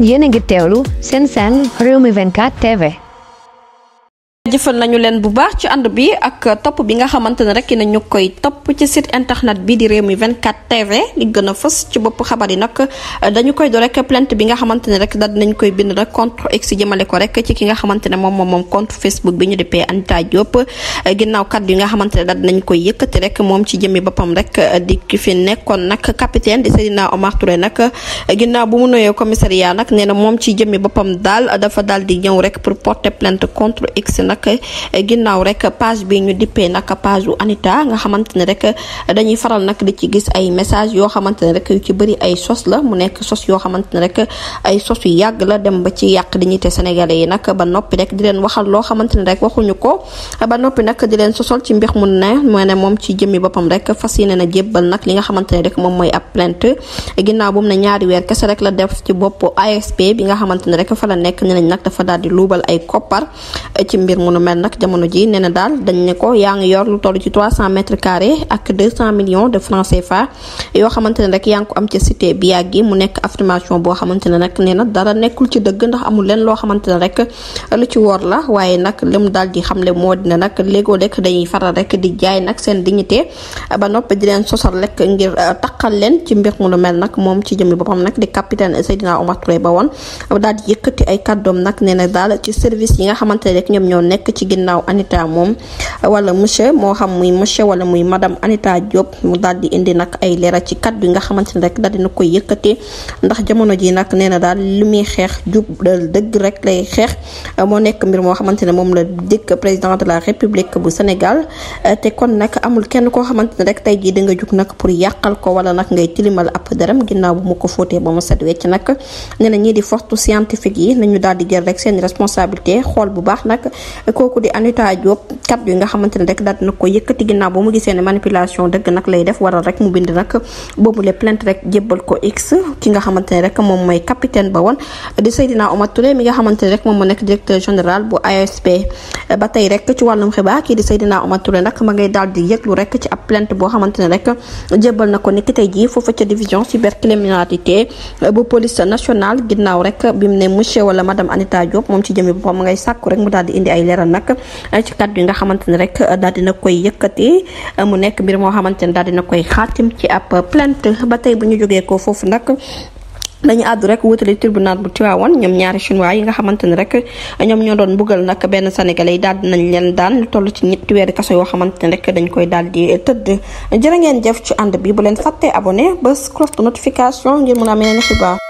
Jene get sen sen, Rumi Venkat TV. jaajëfal nañu leen bu baax ci ànd bi ak topp bi nga xamante ne rek nañu koy topp ci site internet bi di réew mi 24 TV li gën a fës ci bopp xabar yi nag dañu koy do rek plainte bi nga xamante ne rek daal dinañ koy bind rek contre ex jëmale ko rek ci ki nga xamante ne moom moom moom compte Facebook bi ñu depee Anita Diop ginnaaw kàddu yi nga xamante ne daal dinañ koy yëkkati rek moom ci jëmmi boppam rek di ki fi nekkoon nag capitaine di Seydina Omar Touré nag ginnaaw mu noyee commissariat nag nee na moom ci jëmmi boppam daal dafa daal di ñëw rek pour porter plainte contre ex nag ginnaaw rek page bi ñu dippee nag page u Anita nga xamante ne rek dañuy faral nag di ci gis ay message yoo xamante ne rek ci bëri ay sos la mu nekk sos yoo xamante ne rek ay sos yu yàgg la dem ba ci yàq di dignité sénégalais yi nag ba noppi rek di leen waxal loo xamante ne rek waxuñu ko ba noppi nag di leen sosol ci mbir mun ne mooy moom ci jëmmi boppam rek fas yi yéene na jébbal nag li nga xamante ne rek moom mooy ab plainte ginnaaw bu mu ne ñaari weer kese rek la def ci bopp ASP bi nga xamante ne rek fa la nekk ne nañ nag dafa daal di luubal ay koppar ci mbir mu nu mel nag jamono ji nee na daal dañ ne ko yaa ngi yor lu toll ci 300 mètres carrés ak 200 millions de francs CFA yoo xamante ne rek yaa ngi ko am ci ci dëgg ndax amul leen loo xamante rek lu ci woor la waaye nag li mu daal di xamle moo dina nag léegoo rek dañuy faral rek di jaay nag seen dignité ba noppi di leen sosal rek ngir euh, taqal leen ci mbir mu nu mel nag moom ci jëmmi boppam nag di capitaine Seydina Omar Touré ba woon daal di yëkkati ay kàddoom nag na daal ci service yi nga xamante nekk ci ginnaaw Anita moom wala monsieur moo xam muy monsieur wala muy madam Anita Diop mu daal di indi nag ay leeral ci kat bi nga xamante ne rek daal dina koy yëkkati ndax jamono ji nag nee na daal li muy xeex jub dal dëgg rek lay xeex moo nekk mbir moo xamante ne moom la dikk président de la république bu Sénégal te kon nag amul kenn koo xamante ne rek tey jii di nga jug nag pour yàqal ko wala nag ngay tilimal ab dërëm ginnaaw bu mu ko fóotee ba mu set wecc nag nee na ñii di fortu scientifique yi nañu daal di jël rek seen responsabilité xool bu baax nag kooku di Anita Diop kàddu yi nga xamante ne rek daal na ko yëkkati ginnaaw boo mu gisee ne manipulation dëgg nag lay def waral rek mu bind nag boobu le plainte rek jébbal ko x ki nga xamante ne rek moom mooy capitaine ba woon di Seydina Omar Touré mi nga xamante ne rek moom moo nekk directeur général boo ASP ba tey rek ci wàllum xibaar kii di Seydina Omar Touré nag ma ngay daal di yëglu rek ci ab plainte boo xamante ne rek jébbal na ko niki tey jii foofa ca division cybercriminalité bu police nationale ginnaaw rek bi mu ne monsieur wala madame Anita Diop moom ci jëmmi boo ma ngay sàkku rek mu daal di ay leeral nag ci kàddu yi nga xamante ne rek daal dina koy yëkkati mu nekk mbir moo xamante ne daal dina koy xaatim ci ab plainte ba tey bu ñu jogee ko foofu nag dañu àddu rek wutali tribunal bu Tivaouane ñoom ñaari chinois yi nga xamante ni rek ñoom ñoo doon buggal nag benn sénégalais yi daal dinañ leen daan lu toll ci ñetti weer kaso yoo xamante ni rek dañ koy daal di tëdd jërë ngeen jëf ci ànd bi bu leen fàttee abonné ba cloche de notification ngir mun a amee xibaar